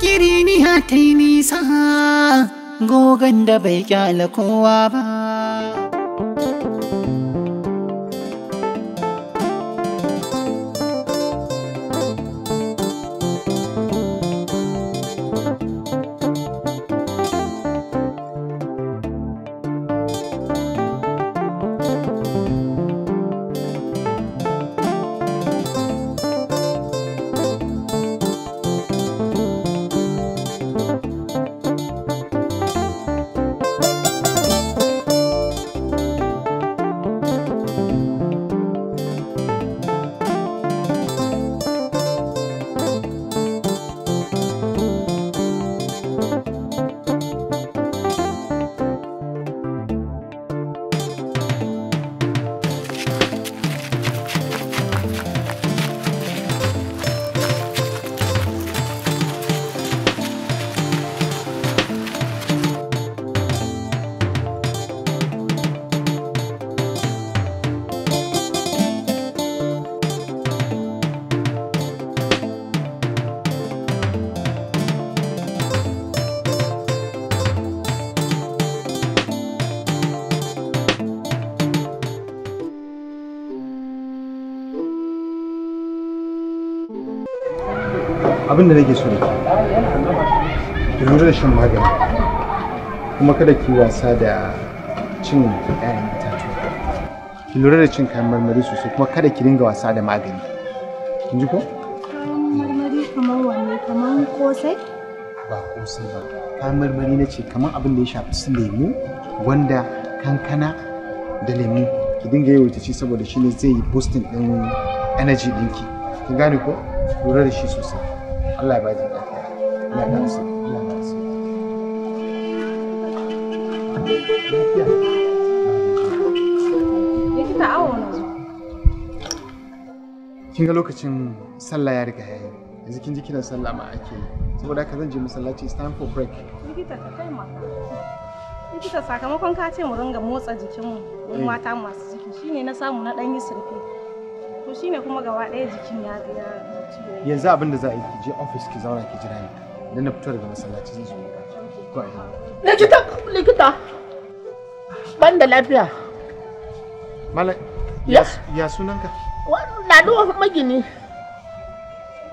kiri ni hatini nisa gogon da bai kyala kowa ba. abin da nake so da ke lura da shan magani kuma kada ki wasa da cin ƴaƴan itatuwa ki lura da cin kayan marmari sosai kuma kada ki dinga wasa da magani kin ji ko marmari kamar wanne kamar kosai ba kosai ba kayan marmari na ce kamar abin da ya shafi su lemu gwanda kankana da lemu ki dinga yawaita ci saboda shi ne zai yi boosting din energy ɗinki kin gane ko lura da shi sosai Allah ya ba da lafiya Allah ya nasu Allah ya nasu likita kin ga lokacin sallah ya riga yayi yanzu kin ji kina sallah ma ake saboda haka zan je masallaci it's time for break likita ka kai maka likita sakamakon ka ce mu ringa motsa jikinmu wani eh. mata masu ciki shine na samu na dan yi surfe to shine kuma gaba ɗaya jikin ya tsira yanzu abin da za a yi je office ki zauna ki jira ni dan na fito daga masallaci zan zo muka likita likita ban da lafiya mala ya sunanka lado magini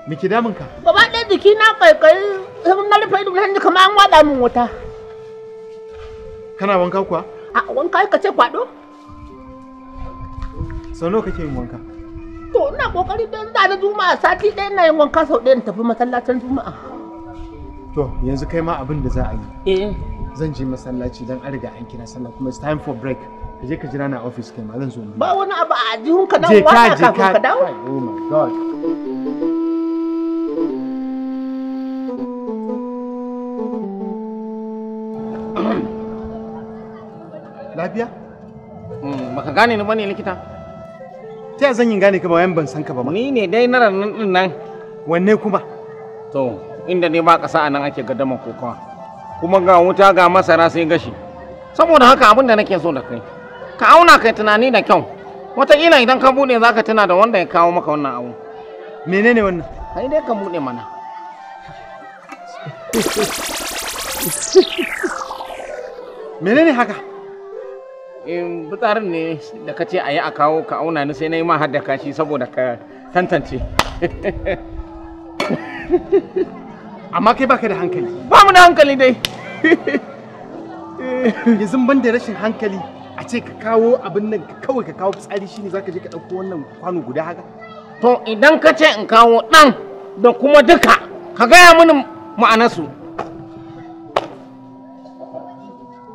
Miki ke damun ka gaba ɗaya jiki na kwaikwayi, sun na rufe ido hannu kamar an wada min wuta kana wanka kuwa a wanka ka ce kwado sau nawa kake yin wanka To ina kokari don da na juma'a sati ɗaya na yin wanka sau ɗaya na tafi masallacin juma'a. To yanzu kai ma abin da za a yi. Eh. Zan je masallaci don an riga an kira sallah kuma it's time for break. Ka je ka jira na office kai ma zan zo. Ba wani abu a jihun ka dawo ba kafin ka dawo. Oh my god. Lafiya? Hmm, baka gane ni bane likita? ta zan zanyin gane ka ba wayan ban san ka ba ma ni ne dai na ranar din nan wanne kuma to inda ne ba kasa anan ake gadama kokawa kuma ga wuta ga masara sai gashi saboda haka abin da nake so da kai ka auna kai tunani da kyau wataƙila idan ka buɗe za ka tuna da wanda ya kawo maka wannan abu menene wannan kai dai ka buɗe mana menene haka in eh, fitsarin ne da ka ce a yi a kawo ka auna ni sai na yi ma hadda kashi saboda ka tantance amma kai baka da hankali ba mu da hankali dai yanzu ban da rashin hankali a ce ka kawo abin nan kawai ka kawo fitsari za ka je ka ɗauko wannan kwano guda haka to idan ka ce in kawo ɗan da kuma duka ka gaya mini ma'anarsu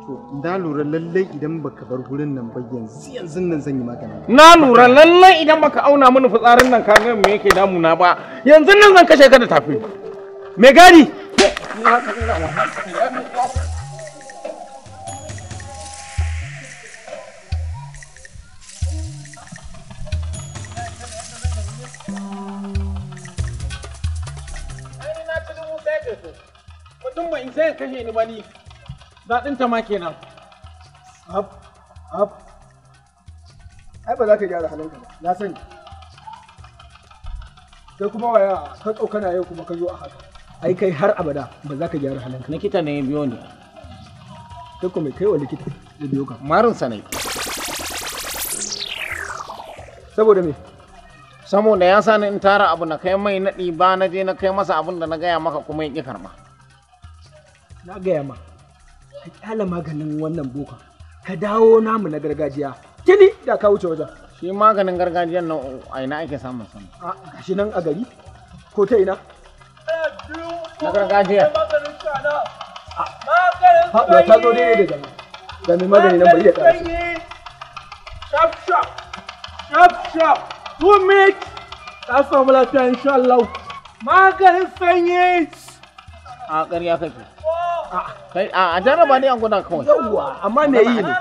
to na lura lallai idan baka bar gurin nan ba yanzu yanzu nan zan yi magana na lura lallai idan baka auna mini fitsarin nan ka ga me yake damuna ba yanzu nan zan kashe ka da tafi me gadi mutum bai in sai kashe ni ba ni daɗin ta ma kenan ab ab ai ba za ka gyara halinka ba na sani sai kuma waya ka tsokana yau kuma ka zo a haka ai kai har abada ba za ka gyara halinka likita ne ya biyo ni kai kuma kai wa likita ya biyo ka marin sanai saboda me saboda ya sani in tara abu na kai mai naɗi ba na je na kai masa abin da na gaya maka kuma ya ƙi karɓa na gaya ma ka kyala maganin wannan boka ka dawo namu na gargajiya kini da ka wuce wajen shi maganin gargajiyan nan a ina ake samun sun a gashi nan a gari ko ta ina na gargajiya haɗuwa ta zo daidai da zama da mai magani nan bari da ƙarfi shaf shaf shaf shaf two minutes ta samu lafiya insha Allah maganin sanyi a ƙarya kake kai a jaraba ne an gwada kawai yawwa amma me yi ne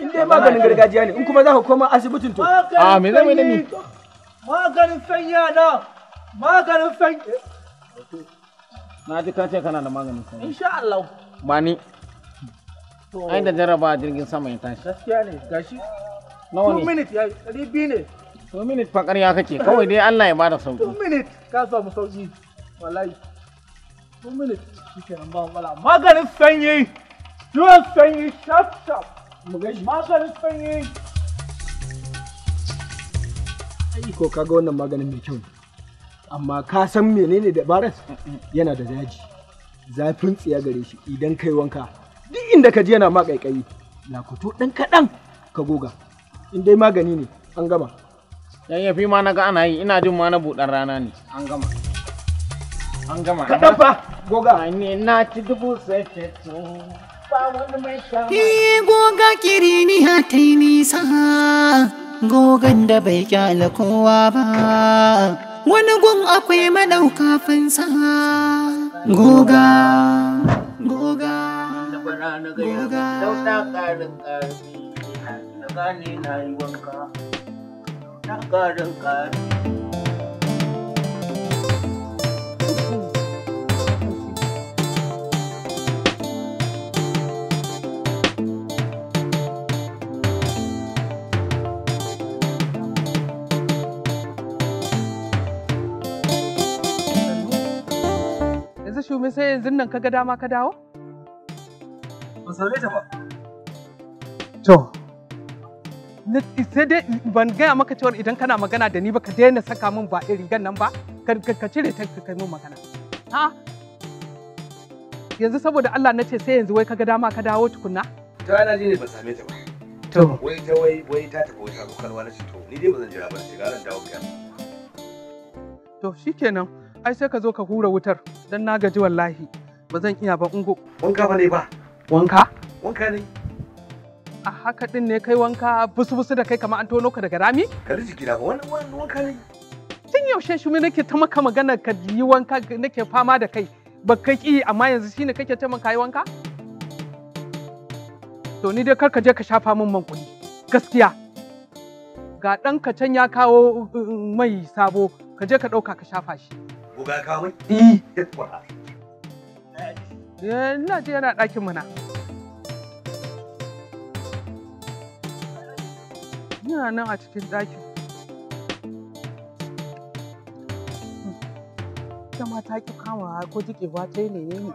in dai maganin gargajiya ne in kuma za ka koma asibitin to a me zai mene ne maganin fanya na maganin fanya na ji kana da maganin fanya insha Allah ba ni ai da jaraba jirgin sama ya tashi gaskiya ne gashi nawa ne ne kake kawai dai Allah ya bada sauki 2 minute ka samu sauki wallahi two minutes shi kenan ba wala maganin sanyi ruwan sanyi sharp sharp maganin sanyi ai ko kaga wannan maganin mai kyau amma ka san menene da yana da daji zafin tsiya gare shi idan kai wanka duk inda ka ji yana ma kaikayi lakuto dan kadan ka goga in dai magani ne an gama yayyafi ma naga ana yi ina jin ma na buɗar rana ne an gama an gama kaɗan fa goga ne na ci dubu sattattu ba wani goga kiriniya ya ta nisa gogan da bai kyala kowa ba wani gun akwai madauka fansa goga goga goga na gane na yi wanka ta shume sai yanzu nan ka ga dama ka dawo? Ba sare ta ba. To. Sai dai ban gaya maka cewar idan kana magana da ni ba ka daina saka min ba irin gan nan ba ka cire ta ka kai min magana. Ha? Yanzu saboda Allah na ce sai yanzu wai ka ga dama ka dawo tukunna? Ta ana ne ba same ta ba. To. Wai ta wai wai ta tafi wata abokan na ce to ni dai ba zan jira ba shiga ran dawo ka. To shikenan ai sai ka zo ka hura wutar. dan na gaji wallahi ba zan iya ba ungo wanka ba ne ba wanka wanka ne a haka din ne kai wanka busu busu da kai kamar an tono ka daga rami ka riji gida ba wannan wanka ne tun yaushe shi nake ta maka magana ka yi wanka nake fama da kai ba ka ki amma yanzu shine kake ta maka yi wanka to ni dai kar ka je ka shafa min man kuɗi gaskiya ga ɗan ka can ya kawo uh, uh, mai sabo ka je ka ɗauka ka shafa shi Oga ya kawo mai? Eh. Eh, ina ji yana ɗakin mana. Ina nan a cikin ɗakin. Ita ma ta ki kama ko jikewa ta yi ne ne.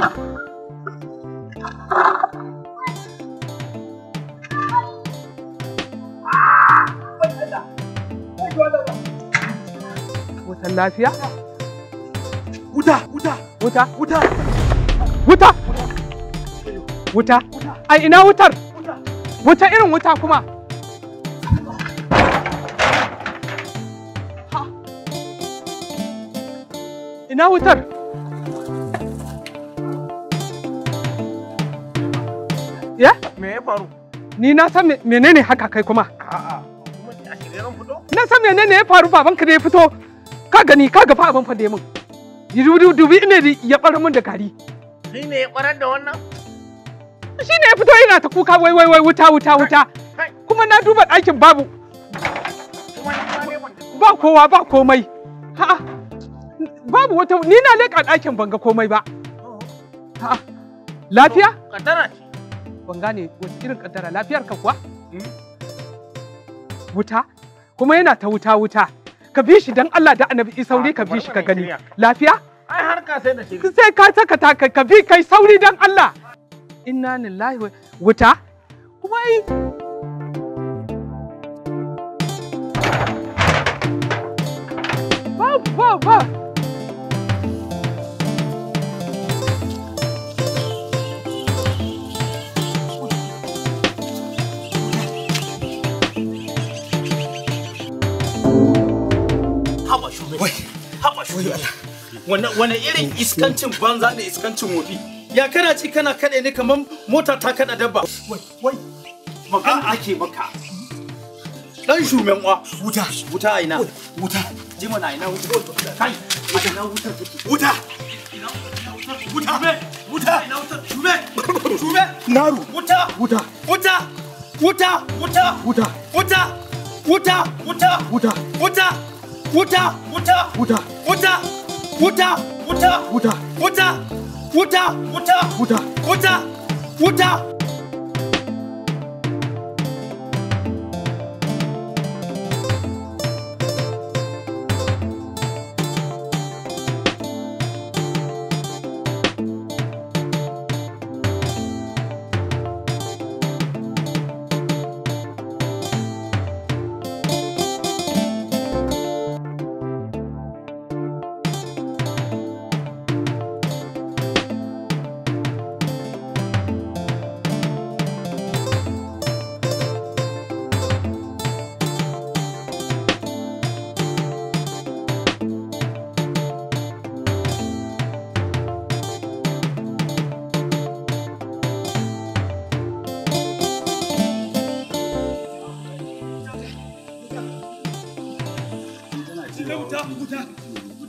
Thank you. matan lafiya? Wuta, wuta, wuta, wuta, wuta, wuta, a ina wutar? Wuta irin wuta kuma? Ina wutar? Ya? Me ya faru? Ni na san menene haka kai kuma? A'a, a shirye fito? Na san menene ya faru babanka da ya fito ka gani ka ga fa abin fa da min dubi ina ya bar min da kari ni ne ya barar da wannan shi ne ya fito ina ta kuka wai wai wai wuta wuta wuta kuma na duba ɗakin babu ba kowa ba komai ha babu wata ni na leƙa ɗakin banga komai ba oh. ha lafiya kaddara ce ban gane irin kaddara lafiyar ka kuwa hmm? wuta kuma yana ta wuta wuta ka bi shi dan Allah da Annabi isa sauri ka bi shi ka gani lafiya ai ka sai da shi sai ka saka ta ka bi kai sauri dan Allah inna lillahi wuta kuma ai ba ba ba wai haɓa shi wani irin iskancin banza da iskancin wofi ya kana ci kana kaɗe ne kamar mota ta kaɗa dabba wai wai magana ake maka dan shumen wa wuta wuta aina wuta jima na aina wuta kai ina wuta take wuta wuta me wuta ina wuta shume shume naru wuta wuta wuta wuta wuta wuta wuta wuta wuta wuta wuta Water, water, water, water, water, water, water, water, water, water, water, water, water.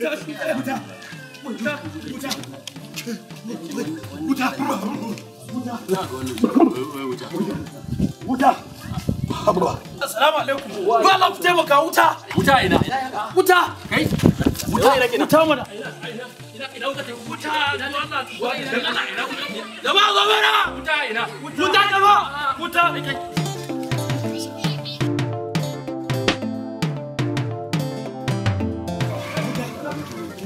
wuta wuta wuta wuta wuta wuta Assalamu alaikum. Ba la ku taimaka wuta. Wuta ina. Wuta. Kai. Wuta ina kenan. Wuta mana. Ina ina wuta ta wuta. Dan Allah. Wuta ina. Jama'a gobara. Wuta ina. Wuta jama'a. Wuta.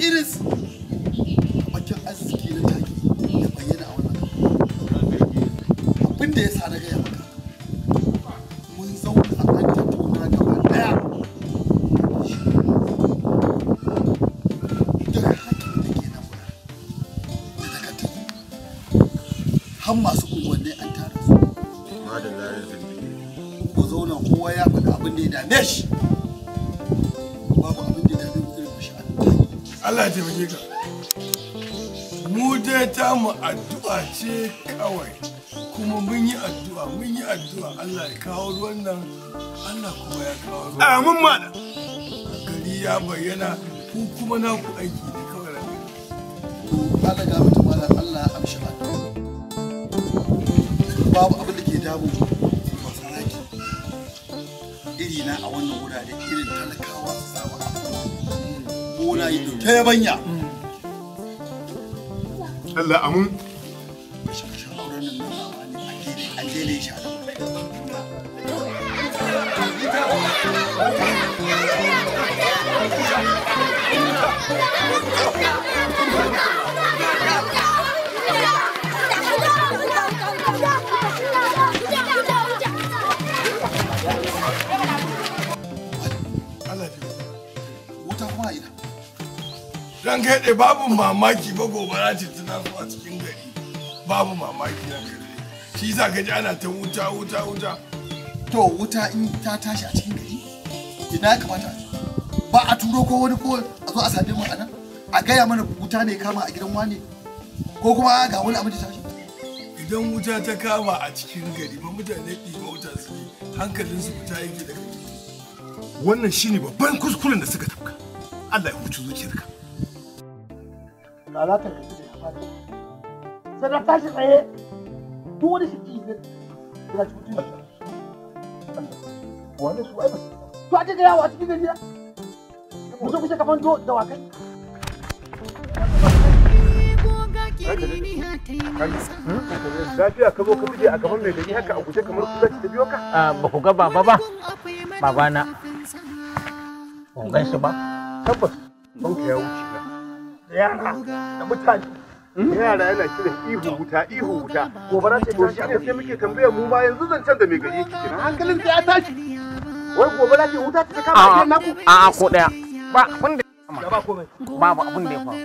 It is addu'a ce kawai kuma mun yi addu'a mun yi addu'a Allah ya kawo ruwan nan Allah kuma ya kawo ruwan amin mana gari ya bayyana ku kuma na ku aiki ne kawai da ba da ga mutum malam Allah ya amshi ba babu abin da ke damu ba saraki iri na a wannan wurare irin talakawa tsawa gona yi ta yabanya Allah amin ran kai babu mamaki ba gobara ce tana a cikin gari babu mamaki na kai shi za ka ji ana ta wuta wuta wuta to wuta in ta tashi a cikin gari ina ya kamata ba a turo ko wani ko a zo a sade mu a nan a gaya mana wuta ne kama a gidan wane ko kuma ga wani abin da tashi idan wuta ta kama a cikin gari ba mutane ba wuta su hankalin su fita yake da wannan shine babban kuskuren da suka tafka Allah ya huci zuciyarka ba za ta gaji da ya ba ta tashi tsaye duk wani shiki ne ya ci mutum wani su ai ba to a cikin yawo a cikin gajiya mutum kusa kafan to da wakai Lafiya ka zo ka fije a gaban mai gari haka a guje kamar kuka ci ta biyo ka? Ah, ba ku ga baba ba, babana. Ban gan shi ba? Tabbas, ban ka ya wuce. yara da mutane yara yana kiran ihu wuta ihu wuta gobara ce to shi ne sai muke tambaya mu ma yanzu zancen da mai gari yake kenan hankalin sai ya tashi wai gobara ce wuta ta kama na ku a a ko daya ba abin da babu abin da ya faru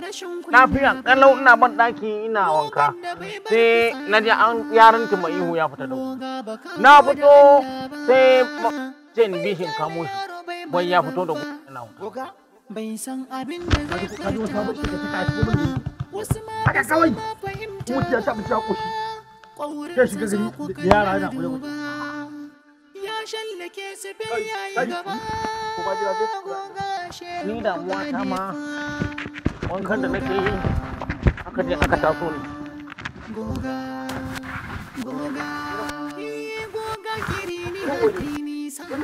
lafiya kalau ina ban daki ina wanka sai na ji an yaran tuma ihu ya fita da na fito sai jen bihin kamo shi wai ya fito da gudu na wuta bai san abin da zai furta ba wasu ma ba su ma fahimta ƙwaurin su zo ku da duba ya shallake su bai yayi gaba ni damuwa ta ma wankan da nake yi aka je aka taso ni eh, isa wuta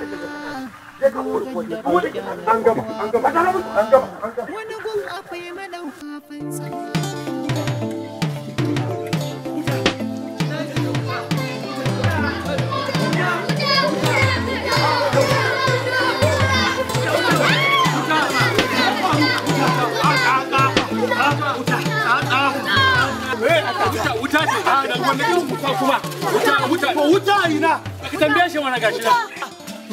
ah, ina ka tambaye shi wani gashi na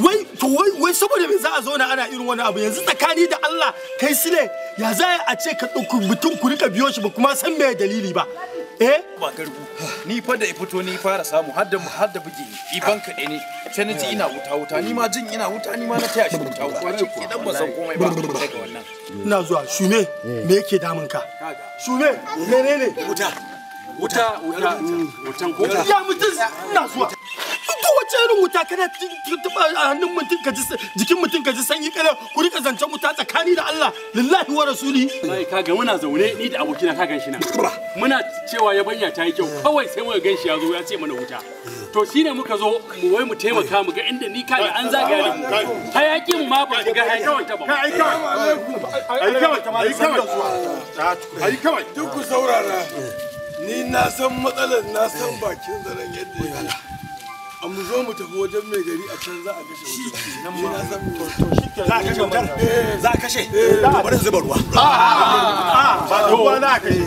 wai to wai wai saboda me za a zauna ana irin wani abu yanzu tsakani da Allah kai shi ne ya za a ce ka ɗauki mutum ku rika biyo shi ba kuma san me dalili ba eh ba garbu ni fa da ifito ni fara samu har da har da buge ni ban ka ne sai na ina wuta wuta ni ma jin ina wuta ni ma na taya shi wuta wuta ni ki dan ba san komai ba daga wannan ina zuwa shume me yake damun ka shume menene wuta wuta wuta wuta ko ya mutun ina zuwa wace irin wuta kana tuba a hannun mutum ka ji jikin mutum ka ji sanyi kana ku rika zancen wuta tsakani da Allah lillahi wa rasuli kai kaga muna zaune ni da abokina ka ganshi na muna cewa yabanya ta yi kyau kawai sai muka ganshi ya zo ya ce mana wuta to shine muka zo mu wai mu taimaka mu ga inda ni kaga an zagaya da mu ma ba ga hayakin ta ba kai kai kawai kawai kawai kawai duk ku saurara ni na san matsalar na san bakin zaren yadda ya a mu zo mu tafi wajen mai gari a can za a kashe shi nan ma za a kashe wutar eh, za a kashe to eh. bari zuba ruwa ah! ah! a ba ruwa na ka yi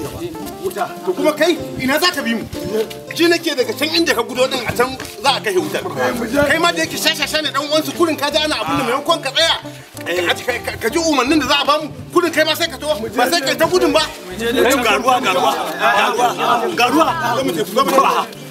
wuta to kuma kai ina za ka bi mu ji nake daga can inda ka gudo din a can za a kashe wutar eh, kai ma da yake shashasha ne dan uwansu kurin ka ji ana abin da maimakon ka tsaya ka ji umarnin da za a bamu kudin kai ma sai ka to ba sai kai ta gudun ba ga ruwa garuwa, garuwa, garuwa, garuwa.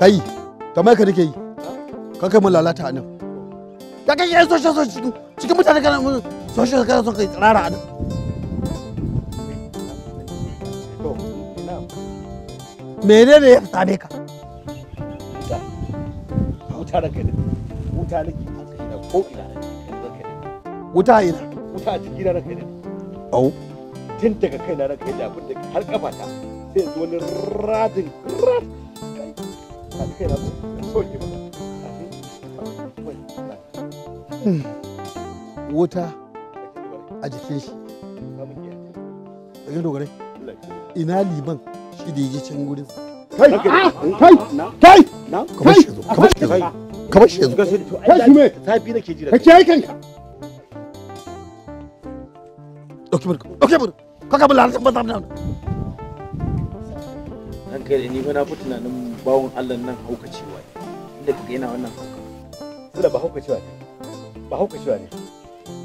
kai kamar ka nake yi ka kai mun lalata a nan ka kai yayin social social cikin mutane kana mun social kana son kai tsirara a nan menene ya ne. ka wuta da kai wuta na ko ina wuta ina wuta a jikina na kai ne au tun daga kai na kai da abin da har ta. sai yanzu wani radin radin Wota mm. a jikin shi dogare ina liman shi da can gurin kai kai kai kai kai da ni ba na fi tunanin bawon Allah nan haukacewa ne inda kaga yana wannan hauka sula ba haukacewa ne ba haukacewa ne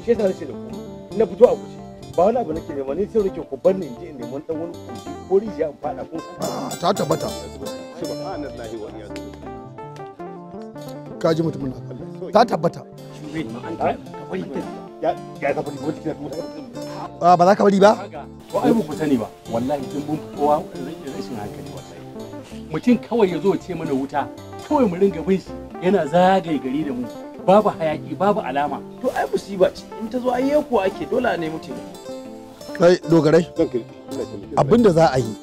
shi yasa nake da ku na fito a guje ba wani abu nake nema ne sai nake ku bar ni je in nemi dan wani kuji ko rijiya in fada ko ah, ta tabbata subhanallahi wa iyyakum Kaji mutumin nan ta tabbata ah, ba za ka bari ba? Ko ai mu ku sani ba, wallahi kin mun kowa rashin hankali. mutum kawai ya zo ce mana wuta kawai mu ringa bin shi yana zagaye gari da mu babu hayaki babu alama to ai musiba ce in ta zo ai kuwa ake dole ne mutum. kai dogarai abinda za a yi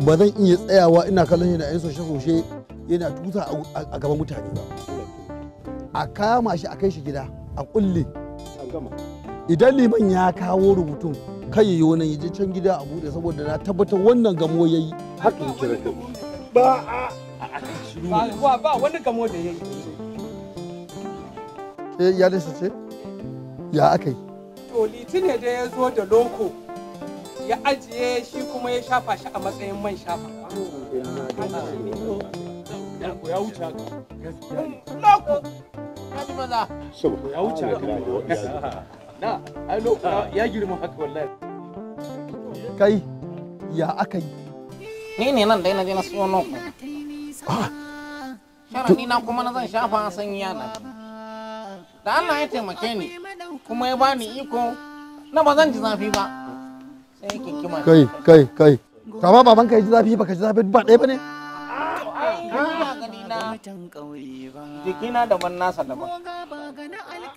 ba zan iya tsayawa ina kallon yana yin soshe soshe yana tuta a gaban mutane ba a kama shi a kai shi gida a kulle idan liman ya kawo rubutun kai yi wani yi can gida a bude saboda na tabbatar wannan gamo ya yi haka yake ba a ba ba wani gamo da yayi ya eh, Ya ce ya aka yi to litinin da ya zo da loko ya ajiye shi kuma ya shafa shi a matsayin man shafa ya wuce loko maza ya wuce na loko ya girma haka wallahi kai ya aka yi ni ne nan dai na je na siyo nan Shara ni na kuma na zan shafa san yana da Allah ya taimake ni kuma ya bani iko na ba zan ji zafi ba sai yake kima kai kai kai ka ba baban ka ji zafi baka ji zafi ba ɗaya bane jikina daban nasa daban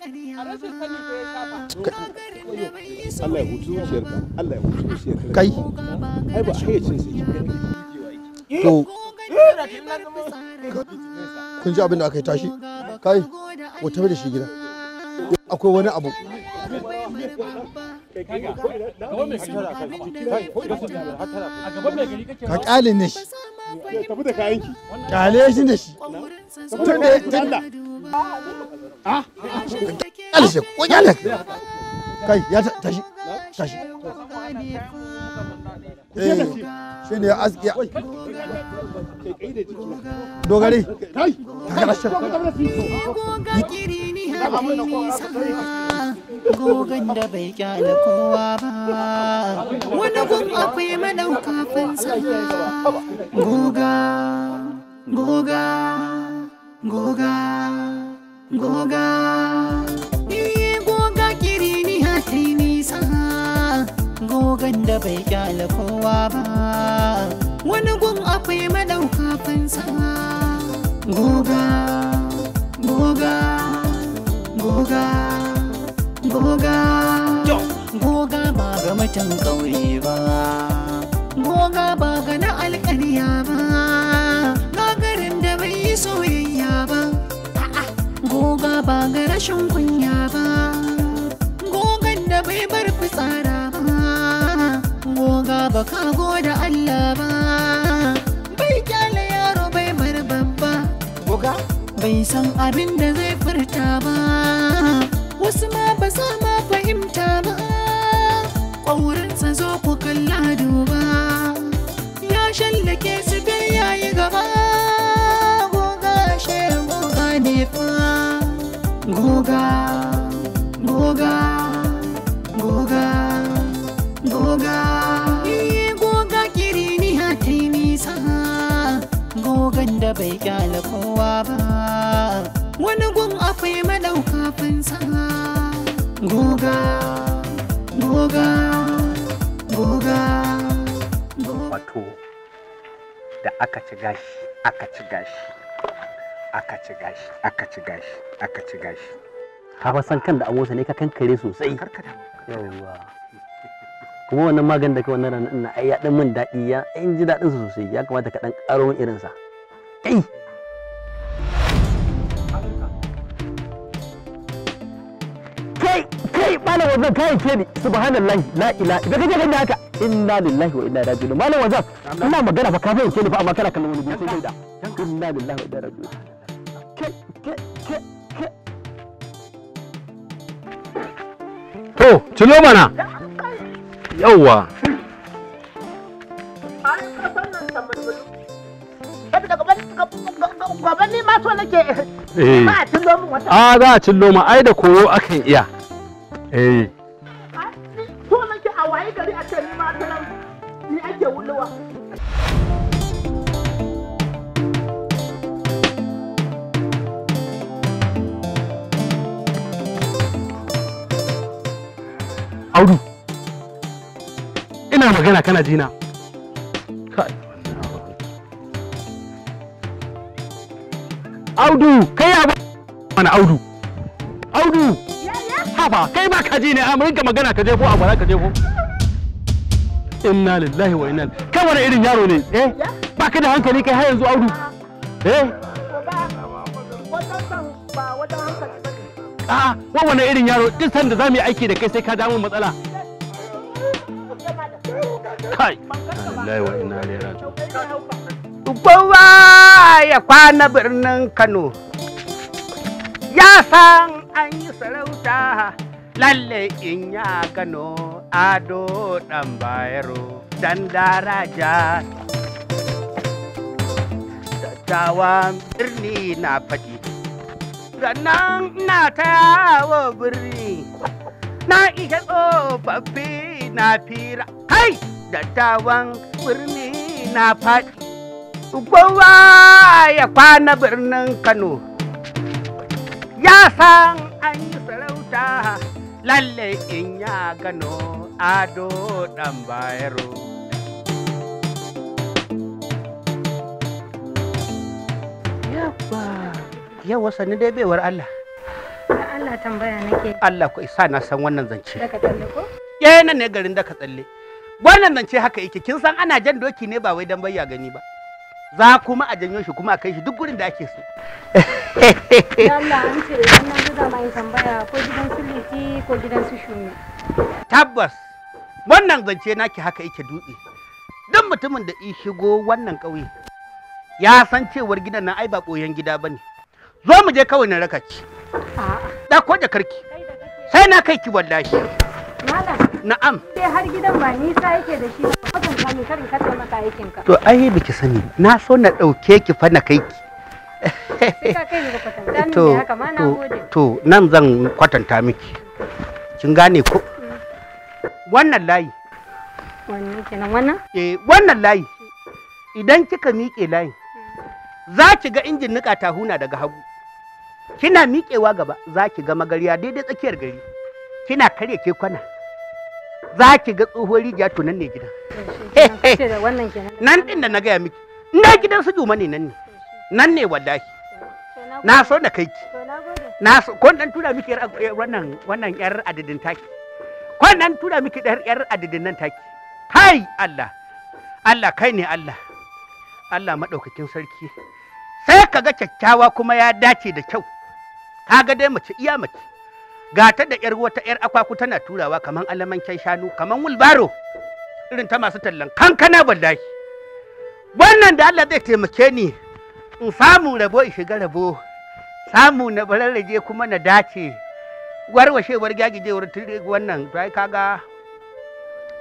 Allah kai to kun ji aka yi tashi kai ku tafi da shi gida akwai wani abu ka kyale ne shi tafi da kayanki kyale shi ne shi tun da a ko ƙyale kai ya tashi tashi eh shi ne aski dogari kai takara shi gogon da bai kyale kowa ba wani gun akwai madauka fansa goga goga goga goga iye goga kiri ni nisa gogan da bai kyala kowa ba wani gun akwai madauka fansa goga goga goga goga goga ba ga mutum kauri ba goga ba ga na alƙarya ba goga ba ga rashin kunya ba gogan da bai bar fitsara ba goga ba ka goda Allah ba bai kyale yaro bai bar babba goga bai san abin da zai furta ba wasu ma ba za ma fahimta ba ƙaurinsa zo ku kalla duba Goga, goga, goga, goga. Iye goga kiri ni hati nisa, gogan da bai kyala kowa ba. Wani gun akwai madaukafinsa. Goga, goga, goga, goga. Wato, da aka ci gashi, aka ci gashi. aka ci gashi aka ci gashi aka ci gashi ka fa san kan da amosa ne ka kankare sosai yawwa kuma wannan magan da ka wannan ranar ina ai ya dan min daɗi ya in ji daɗin sosai ya kamata ka dan ƙaro min irin sa kai kai kai malam wazan kai ke ni subhanallahi la ilaha da kaje ganin haka inna lillahi wa inna ilaihi raji'un malam wazan ina magana fa ka fahimce ni fa amma kana kallon wani gurin sai da inna lillahi wa inna ilaihi raji'un kai kai kai To, cilo mana. Yawwa. Gabanni eh. ma so nake ba a cillo min wata. A ah, za a cillo ma ai da koyo akan iya. Eh. ina magana kana jina audu kai abu mana audu audu haba kai ba ka ji ne a rinka magana ka jefo abu ka jefo inna lillahi wa inna kai wani irin yaro ne eh ba ka da hankali kai har yanzu audu eh a'a ah, wani irin yaro duk da za mu yi aiki da kai sai ka damu matsala kai wa ya kwana birnin Kano ya san an yi sarauta lalle in ya Kano ado dan bayero dan daraja dattawan birni na faɗi sannan na ta yawo birni na ihe tsofaffi na fira kai dattawan birni na faɗi kowa ya kwana birnin kano ya san an yi sarauta lalle in ya gano ado ɗan bayero yabba wasa sani dai baiwar allah Allah tambaya nake Allah ku isa na san wannan zance daga tsalle ko yana ne garin daga tsalle wannan zance haka yake kin san ana jan doki ne ba wai dan bayya gani ba za kuma a janyo shi kuma a kai shi duk gurin da ake so an ce wannan tambaya ko gidan ko gidan tabbas wannan zance naki haka yake dutse duk mutumin da i shigo wannan ƙauye ya san cewar gidan nan ai ba ɓoyen gida bane zo mu je kawai na raka ci. da ko da karki sai na kai ki wallahi malam Na'am. Sai eh, har gidan ba nisa yake da shi wajen kami karin katsa maka aikin ka. To ai biki sani na so na ɗauke ki fa na kai ki. To, to, to nan zan kwatanta miki. Kin gane ko? Mm. Wannan layi. Wannan kenan wannan? Eh, wannan layi. Idan kika miƙe layi, mm. za ki ga injin niƙa tahuna daga hagu. kina miƙewa gaba za ki ga magariya daidai tsakiyar gari kina karya ke kwana za ki ga tsohuwar rijiya to nan ne gidan nan din da na gaya miki na gidan su juma ne nan ne nan ne wallahi na so da kai ki na so kon dan tura miki wannan wannan yar adadin taki kon dan tura miki yar adadin nan taki kai Allah Allah kai ne Allah Allah madaukakin sarki sai kaga kyakkyawa kuma ya dace da kyau kaga dai mace iya mace gata da yar wata yar akwaku tana turawa kaman alamanken shanu kaman wulbaro irin ta masu tallan kankana wallahi wannan da Allah zai taimake ni in samu rabo in shiga rabo samu na bararraje kuma na dace warwashewar gyagijewar wannan bai kaga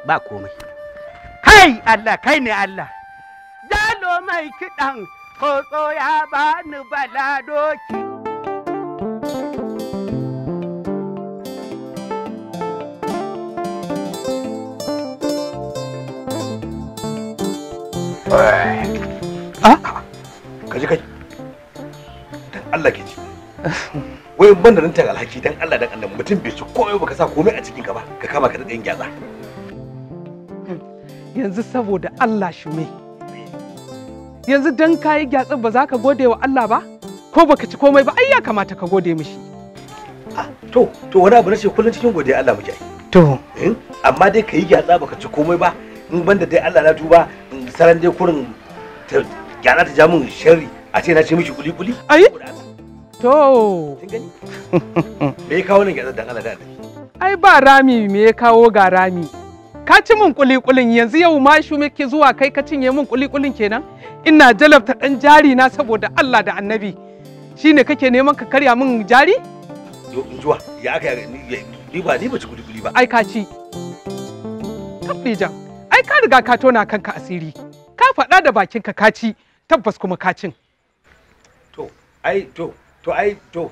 ba komai kai Allah kai ne Allah jalo mai kiɗan kotso ya bani baladoki Ah? Kaji kai. Dan Allah ke ji. Wai ban da rantar alhaki dan Allah dan Allah mutum bai ci komai baka sa komai a cikin ka ba ka kama ka da yin gyatsa. Yanzu saboda Allah shi shume. Yanzu dan kayi gyatsa ba za ka gode wa Allah ba? Ko baka ci komai ba ai ya kamata ka gode mishi. Ah, to, to wani abu na ce kullum cikin godiya Allah muke yi. To. Eh? Amma dai ka yi gyatsa baka ci komai ba in banda dai Allah na duba saran dai kurin ta gyana ta jamun sharri a ce na ce miki kuli kuli ai to me ya kawo nan gyana dan Allah da ai ba rami me ya kawo ga rami ka ci min kuli kulin yanzu yau ma shi muke zuwa kai ka cinye min kuli kulin kenan ina jalabta dan jari na saboda Allah da Annabi shine kake neman ka karya min jari zuwa ya aka ni ba ni ba ci kuli kuli ba ai ka ci tabbijan ai ka riga ka tona kanka asiri ka faɗa da bakinka ka kaci tabbas kuma kacin. to ai to to ai to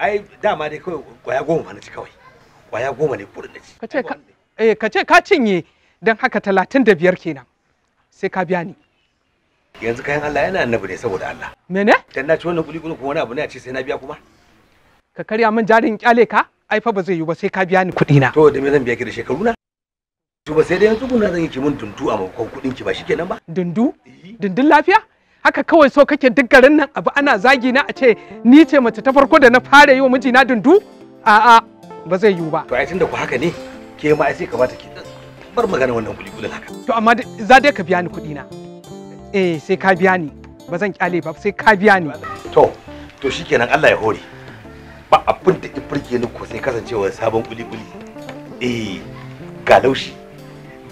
ai dama dai kawai kwaya goma fa na ci kawai kwaya goma ne kurin na ci ce ka eh ka cinye dan haka 35 kenan sai ka biya ni yanzu kayan Allah yana annabi ne saboda Allah mene dan na ci wannan kuli kuli kuma wani abu ne a ce sai na biya kuma ka karya min jarin kyale ka ai fa ba zai yi ba sai ka biya ni kuɗi na to da me zan biya ki da shekaru na ba sai dai tsuguna zan yi ki mun dundu a mako kudin ki ba shikenan ba. Dundu? Eh. Dundun lafiya? Haka kawai so kake duk garin nan abu ana zagi na a ce ni ce mace ta farko da na fara yi wa mijina dundu? A'a ba zai yiwu ba. To ai tunda ku haka ne ke ma ai sai kamata ki bar magana wannan kulikulin haka. To amma za dai ka biya ni kuɗi na. Eh sai ka biya ni ba zan kyale ba sai ka biya ni. To to shikenan Allah ya hore. Ba abin da ki furke ni ko sai kasancewa sabon kulikuli. Eh ga laushi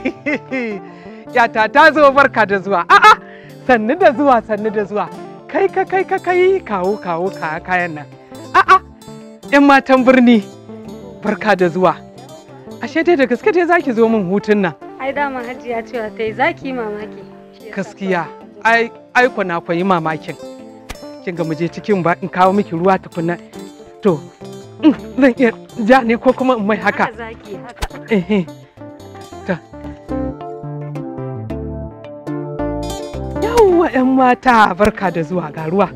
yata ta zo barka da zuwa a'a sannu da zuwa sannu da zuwa kai ka kai ka kai kawo kawo ka kayan nan a'a yan matan birni barka da zuwa ashe dai da gaske dai zaki zo min hutun nan ai dama hajiya cewa ta zaki mamaki gaskiya ai ai kwana kwayi mamakin kin ga muje cikin ba in kawo miki ruwa tukunna to zan iya ja ne ko kuma in mai haka zaki haka eh, eh. 'yan mata barka da zuwa ga ruwa.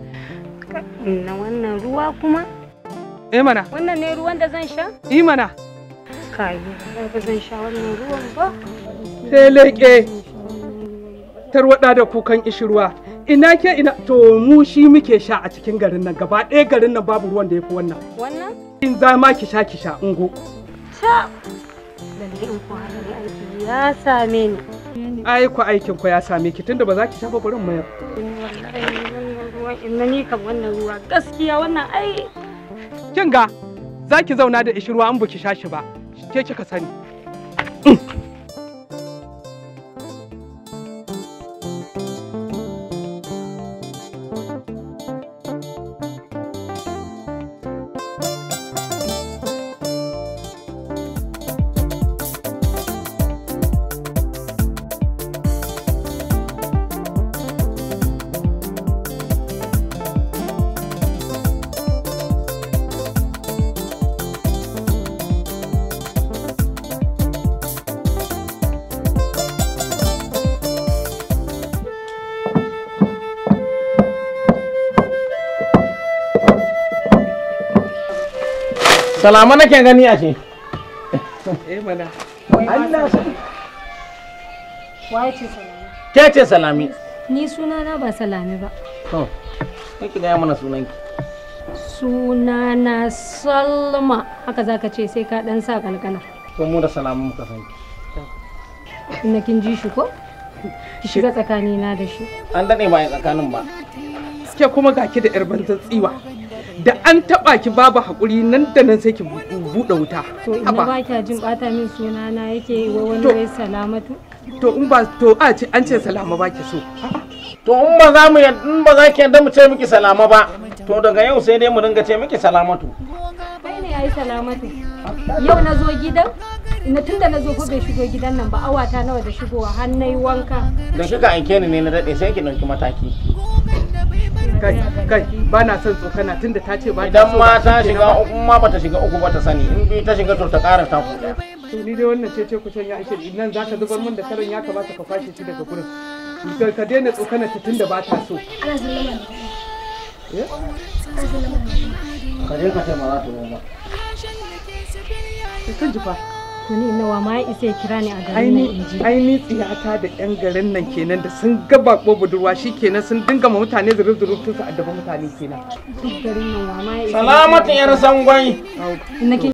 Na wannan ruwa kuma? Eh mana. Wannan ne ruwan da zan sha? Eh mana. Kai, ba zan sha wannan ruwan ba. Sai leƙe. Tarwaɗa da kukan ishirwa. Ina ke ina to mu shi muke sha a cikin garin nan gaba ɗaya garin nan babu ruwan da ya fi wannan. Wannan? In za ma ki sha ki sha ungo. Ta. Lalle in ko aiki ya same ni. ai ku aikin ku ya same ki tunda ba za ki shafa barin mayar inna ni kam wannan ruwa gaskiya wannan ai kin ga za ki zauna da ishirwa, an buki shashi ba ke kika sani salama nake gani a ce eh mana Allah ce ke ce salami ni suna na ba salami ba to kike ga mana sunanki suna na salma haka zaka ce sai ka dan sa kankana to mu da salamu muka san ina kin ji shi ko ki shiga tsakani na da shi an dade ba tsakanin ba ke kuma gaki da yar bantan tsiwa da an taba ki babu hakuri nan da nan sai ki bude wuta to ina ba kya jin bata min suna na yake wani wai salamatu to in ba to a ce an ce salama ba ki so to in ba za mu in ba za ki yadda mu ce miki salama ba to daga yau sai dai mu dinga ce miki salamatu kai ne yayi salamatu yau na zo gidan na tun da na zo ko bai shigo gidan nan ba awata nawa da shigowa har nayi wanka da shiga aike ni ne na dade sai ki dauki mataki kai kai ba na son tsokana tunda ta ce ba ta so idan ma ta shiga uku ma bata shiga uku ba ta sani in bi ta shiga to ta ƙara ta kuɗa to ni dai wannan ce ce kusan ya ishe nan za ka zubar min da karin ya kamata ka kwashe shi daga gurin ka daina tsokana ta tunda ba ta so ka je ka ce ma za eh, kan ji fa wani nawa ma isa kira ni a garin nan inji ai ni tsiyata da yan garin nan kenan da sun ga bako budurwa shikenan sun dinga ma mutane zurur zurur tun su addaba mutane kenan salamatu yar sangwai